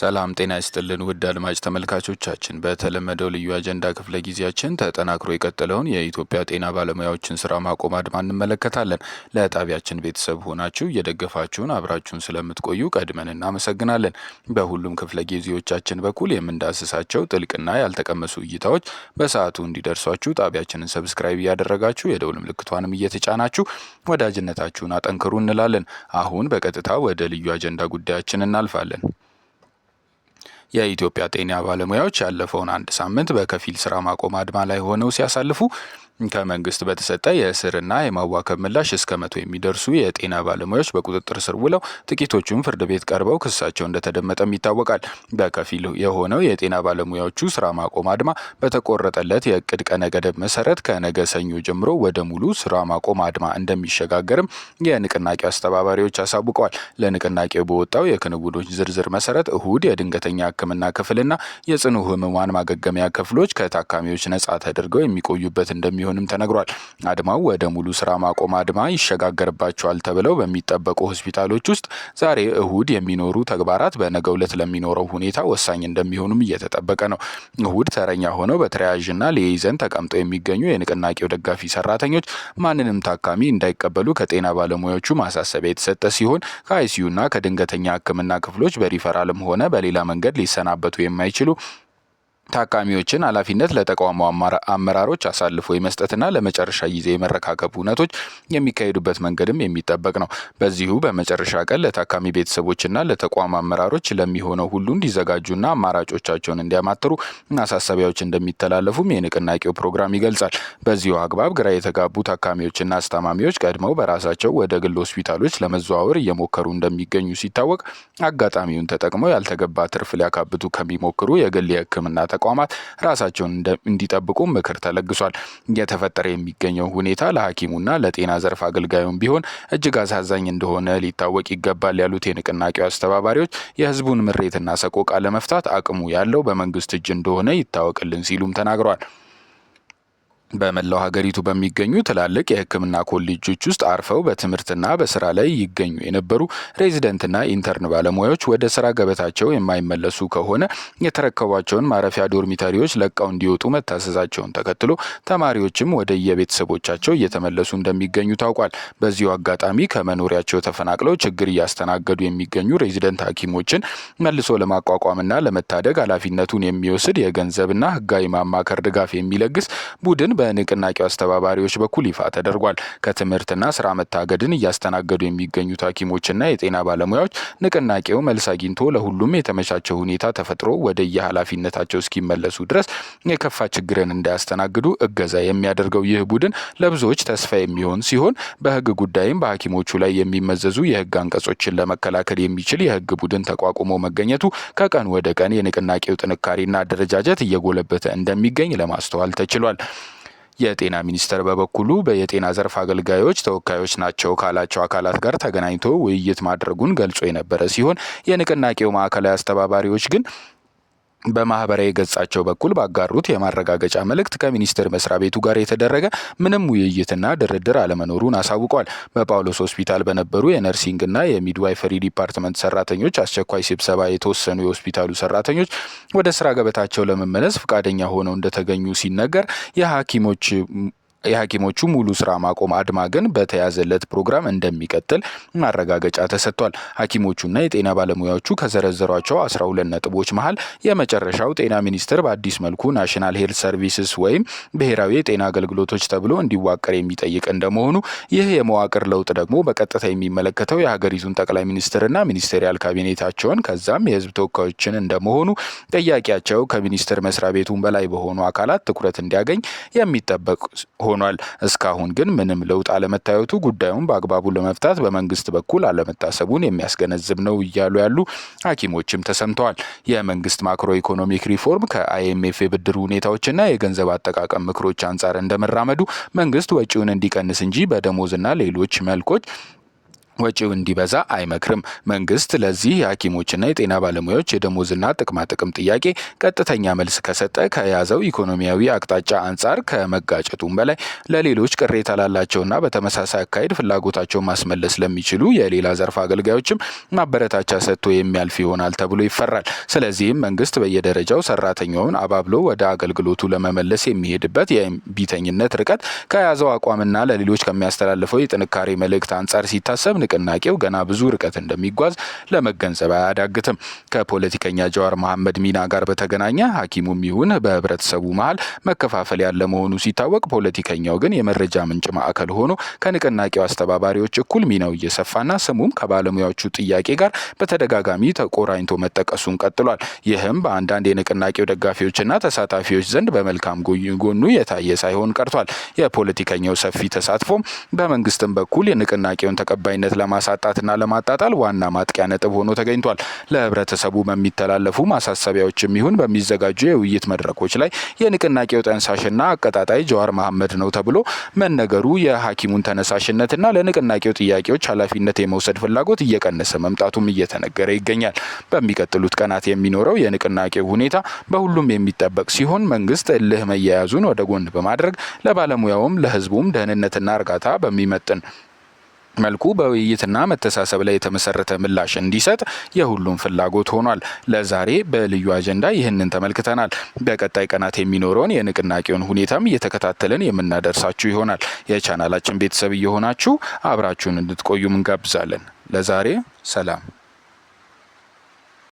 ሰላም ጤና ይስጥልን ውድ አድማጭ ተመልካቾቻችን፣ በተለመደው ልዩ አጀንዳ ክፍለ ጊዜያችን ተጠናክሮ የቀጠለውን የኢትዮጵያ ጤና ባለሙያዎችን ስራ ማቆም አድማ እንመለከታለን። ለጣቢያችን ቤተሰብ ሆናችሁ እየደገፋችሁን አብራችሁን ስለምትቆዩ ቀድመን እናመሰግናለን። በሁሉም ክፍለ ጊዜዎቻችን በኩል የምንዳስሳቸው ጥልቅና ያልተቀመሱ እይታዎች በሰዓቱ እንዲደርሷችሁ ጣቢያችንን ሰብስክራይብ እያደረጋችሁ የደውል ምልክቷንም እየተጫናችሁ ወዳጅነታችሁን አጠንክሩ እንላለን። አሁን በቀጥታ ወደ ልዩ አጀንዳ ጉዳያችን እናልፋለን። የኢትዮጵያ ጤና ባለሙያዎች ያለፈውን አንድ ሳምንት በከፊል ስራ ማቆም አድማ ላይ ሆነው ሲያሳልፉ ከመንግስት በተሰጠ የእስርና የማዋከብ ምላሽ እስከ መቶ የሚደርሱ የጤና ባለሙያዎች በቁጥጥር ስር ውለው ጥቂቶቹም ፍርድ ቤት ቀርበው ክሳቸው እንደተደመጠም ይታወቃል። በከፊል የሆነው የጤና ባለሙያዎቹ ስራ ማቆም አድማ በተቆረጠለት የእቅድ ቀነ ገደብ መሰረት ከነገ ሰኞ ጀምሮ ወደ ሙሉ ስራ ማቆም አድማ እንደሚሸጋገርም የንቅናቄ አስተባባሪዎች አሳውቀዋል። ለንቅናቄው በወጣው የክንውኖች ዝርዝር መሰረት እሁድ የድንገተኛ ሕክምና ክፍልና የጽኑ ህሙማን ማገገሚያ ክፍሎች ከታካሚዎች ነጻ ተደርገው የሚቆዩበት እንደሚሆን እንደሚሆንም ተነግሯል። አድማው ወደ ሙሉ ስራ ማቆም አድማ ይሸጋገርባቸዋል ተብለው በሚጠበቁ ሆስፒታሎች ውስጥ ዛሬ እሁድ የሚኖሩ ተግባራት በነገ ዕለት ለሚኖረው ሁኔታ ወሳኝ እንደሚሆኑም እየተጠበቀ ነው። እሁድ ተረኛ ሆነው በትሪያዥና ሊይዘን ተቀምጠው የሚገኙ የንቅናቄው ደጋፊ ሰራተኞች ማንንም ታካሚ እንዳይቀበሉ ከጤና ባለሙያዎቹ ማሳሰቢያ የተሰጠ ሲሆን ከአይሲዩና ከድንገተኛ ሕክምና ክፍሎች በሪፈራልም ሆነ በሌላ መንገድ ሊሰናበቱ የማይችሉ ታካሚዎችን ኃላፊነት ለተቋሙ አመራሮች አሳልፎ የመስጠትና ለመጨረሻ ጊዜ የመረካከብ እውነቶች የሚካሄዱበት መንገድም የሚጠበቅ ነው። በዚሁ በመጨረሻ ቀን ለታካሚ ቤተሰቦችና ለተቋም አመራሮች ለሚሆነው ሁሉ እንዲዘጋጁና አማራጮቻቸውን እንዲያማትሩ ማሳሰቢያዎች እንደሚተላለፉም የንቅናቄው ፕሮግራም ይገልጻል። በዚሁ አግባብ ግራ የተጋቡ ታካሚዎችና አስታማሚዎች ቀድመው በራሳቸው ወደ ግል ሆስፒታሎች ለመዘዋወር እየሞከሩ እንደሚገኙ ሲታወቅ አጋጣሚውን ተጠቅመው ያልተገባ ትርፍ ሊያካብቱ ከሚሞክሩ የግል የህክምና ተቋማት ራሳቸውን እንዲጠብቁ ምክር ተለግሷል። እየተፈጠረ የሚገኘው ሁኔታ ለሐኪሙና ለጤና ዘርፍ አገልጋዩም ቢሆን እጅግ አሳዛኝ እንደሆነ ሊታወቅ ይገባል ያሉት የንቅናቄው አስተባባሪዎች የህዝቡን ምሬትና ሰቆቃ ለመፍታት አቅሙ ያለው በመንግስት እጅ እንደሆነ ይታወቅልን ሲሉም ተናግሯል። በመላው ሀገሪቱ በሚገኙ ትላልቅ የሕክምና ኮሌጆች ውስጥ አርፈው በትምህርትና በስራ ላይ ይገኙ የነበሩ ሬዚደንትና ኢንተርን ባለሙያዎች ወደ ስራ ገበታቸው የማይመለሱ ከሆነ የተረከቧቸውን ማረፊያ ዶርሚተሪዎች ለቀው እንዲወጡ መታሰዛቸውን ተከትሎ ተማሪዎችም ወደ የቤተሰቦቻቸው እየተመለሱ እንደሚገኙ ታውቋል። በዚሁ አጋጣሚ ከመኖሪያቸው ተፈናቅለው ችግር እያስተናገዱ የሚገኙ ሬዚደንት ሐኪሞችን መልሶ ለማቋቋምና ለመታደግ ኃላፊነቱን የሚወስድ የገንዘብና ህጋዊ ማማከር ድጋፍ የሚለግስ ቡድን በንቅናቄው አስተባባሪዎች በኩል ይፋ ተደርጓል። ከትምህርትና ስራ መታገድን እያስተናገዱ የሚገኙት ሐኪሞችና የጤና ባለሙያዎች ንቅናቄው መልስ አግኝቶ ለሁሉም የተመቻቸው ሁኔታ ተፈጥሮ ወደ የኃላፊነታቸው እስኪመለሱ ድረስ የከፋ ችግርን እንዳያስተናግዱ እገዛ የሚያደርገው ይህ ቡድን ለብዙዎች ተስፋ የሚሆን ሲሆን በህግ ጉዳይም በሐኪሞቹ ላይ የሚመዘዙ የህግ አንቀጾችን ለመከላከል የሚችል የህግ ቡድን ተቋቁሞ መገኘቱ ከቀን ወደ ቀን የንቅናቄው ጥንካሬና አደረጃጀት እየጎለበተ እንደሚገኝ ለማስተዋል ተችሏል። የጤና ሚኒስቴር በበኩሉ የጤና ዘርፍ አገልጋዮች ተወካዮች ናቸው ካላቸው አካላት ጋር ተገናኝቶ ውይይት ማድረጉን ገልጾ የነበረ ሲሆን የንቅናቄው ማዕከላዊ አስተባባሪዎች ግን በማህበራዊ ገጻቸው በኩል ባጋሩት የማረጋገጫ መልእክት ከሚኒስቴር መስሪያ ቤቱ ጋር የተደረገ ምንም ውይይትና ድርድር አለመኖሩን አሳውቋል። በጳውሎስ ሆስፒታል በነበሩ የነርሲንግና የሚድዋይፈሪ ዲፓርትመንት ሰራተኞች አስቸኳይ ስብሰባ የተወሰኑ የሆስፒታሉ ሰራተኞች ወደ ስራ ገበታቸው ለመመለስ ፈቃደኛ ሆነው እንደተገኙ ሲነገር የሐኪሞች የሐኪሞቹ ሙሉ ስራ ማቆም አድማ ግን በተያዘለት ፕሮግራም እንደሚቀጥል ማረጋገጫ ተሰጥቷል። ሐኪሞቹና የጤና ባለሙያዎቹ ከዘረዘሯቸው 12 ነጥቦች መሀል የመጨረሻው ጤና ሚኒስቴር በአዲስ መልኩ ናሽናል ሄልት ሰርቪስስ ወይም ብሔራዊ የጤና አገልግሎቶች ተብሎ እንዲዋቀር የሚጠይቅ እንደመሆኑ ይህ የመዋቅር ለውጥ ደግሞ በቀጥታ የሚመለከተው የሀገሪቱን ጠቅላይ ሚኒስትርና ሚኒስቴሪያል ካቢኔታቸውን ከዛም የህዝብ ተወካዮችን እንደመሆኑ ጥያቄያቸው ከሚኒስቴር መስሪያ ቤቱን በላይ በሆኑ አካላት ትኩረት እንዲያገኝ የሚጠበቅ ሆኗል። እስካሁን ግን ምንም ለውጥ አለመታየቱ ጉዳዩን በአግባቡ ለመፍታት በመንግስት በኩል አለመታሰቡን የሚያስገነዝብ ነው እያሉ ያሉ ሐኪሞችም ተሰምተዋል። የመንግስት ማክሮ ኢኮኖሚክ ሪፎርም ከአይኤምኤፍ የብድር ሁኔታዎችና የገንዘብ አጠቃቀም ምክሮች አንጻር እንደመራመዱ መንግስት ወጪውን እንዲቀንስ እንጂ በደሞዝና ሌሎች መልኮች ወጪው እንዲበዛ አይመክርም። መንግስት ለዚህ የሐኪሞችና የጤና ባለሙያዎች የደሞዝና ጥቅማጥቅም ጥያቄ ቀጥተኛ መልስ ከሰጠ ከያዘው ኢኮኖሚያዊ አቅጣጫ አንጻር ከመጋጨቱም በላይ ለሌሎች ቅሬታ ላላቸውና በተመሳሳይ አካሄድ ፍላጎታቸውን ማስመለስ ለሚችሉ የሌላ ዘርፍ አገልጋዮችም ማበረታቻ ሰጥቶ የሚያልፍ ይሆናል ተብሎ ይፈራል። ስለዚህም መንግስት በየደረጃው ሰራተኛውን አባብሎ ወደ አገልግሎቱ ለመመለስ የሚሄድበት የእምቢተኝነት ርቀት ከያዘው አቋምና ለሌሎች ከሚያስተላልፈው የጥንካሬ መልእክት አንጻር ሲታሰብ ንቅናቄው ገና ብዙ ርቀት እንደሚጓዝ ለመገንዘብ አያዳግትም። ከፖለቲከኛ ጀዋር መሐመድ ሚና ጋር በተገናኘ ሐኪሙም ይሁን በህብረተሰቡ መሀል መከፋፈል ያለ መሆኑ ሲታወቅ፣ ፖለቲከኛው ግን የመረጃ ምንጭ ማዕከል ሆኖ ከንቅናቄው አስተባባሪዎች እኩል ሚናው እየሰፋና ስሙም ከባለሙያዎቹ ጥያቄ ጋር በተደጋጋሚ ተቆራኝቶ መጠቀሱን ቀጥሏል። ይህም በአንዳንድ የንቅናቄው ደጋፊዎችና ተሳታፊዎች ዘንድ በመልካም ጎኑ የታየ ሳይሆን ቀርቷል። የፖለቲከኛው ሰፊ ተሳትፎም በመንግስትም በኩል የንቅናቄውን ተቀባይነት ውጤት ለማሳጣትና ለማጣጣል ዋና ማጥቂያ ነጥብ ሆኖ ተገኝቷል። ለህብረተሰቡ በሚተላለፉ ማሳሰቢያዎችም ይሁን በሚዘጋጁ የውይይት መድረኮች ላይ የንቅናቄው ጠንሳሽና አቀጣጣይ ጀዋር መሐመድ ነው ተብሎ መነገሩ የሐኪሙን ተነሳሽነትና ለንቅናቄው ጥያቄዎች ኃላፊነት የመውሰድ ፍላጎት እየቀነሰ መምጣቱም እየተነገረ ይገኛል። በሚቀጥሉት ቀናት የሚኖረው የንቅናቄው ሁኔታ በሁሉም የሚጠበቅ ሲሆን መንግስት እልህ መያያዙን ወደ ጎን በማድረግ ለባለሙያውም ለህዝቡም ደህንነትና እርጋታ በሚመጥን መልኩ በውይይትና መተሳሰብ ላይ የተመሰረተ ምላሽ እንዲሰጥ የሁሉም ፍላጎት ሆኗል። ለዛሬ በልዩ አጀንዳ ይህንን ተመልክተናል። በቀጣይ ቀናት የሚኖረውን የንቅናቄውን ሁኔታም እየተከታተልን የምናደርሳችሁ ይሆናል። የቻናላችን ቤተሰብ እየሆናችሁ አብራችሁን እንድትቆዩም እንጋብዛለን። ለዛሬ ሰላም።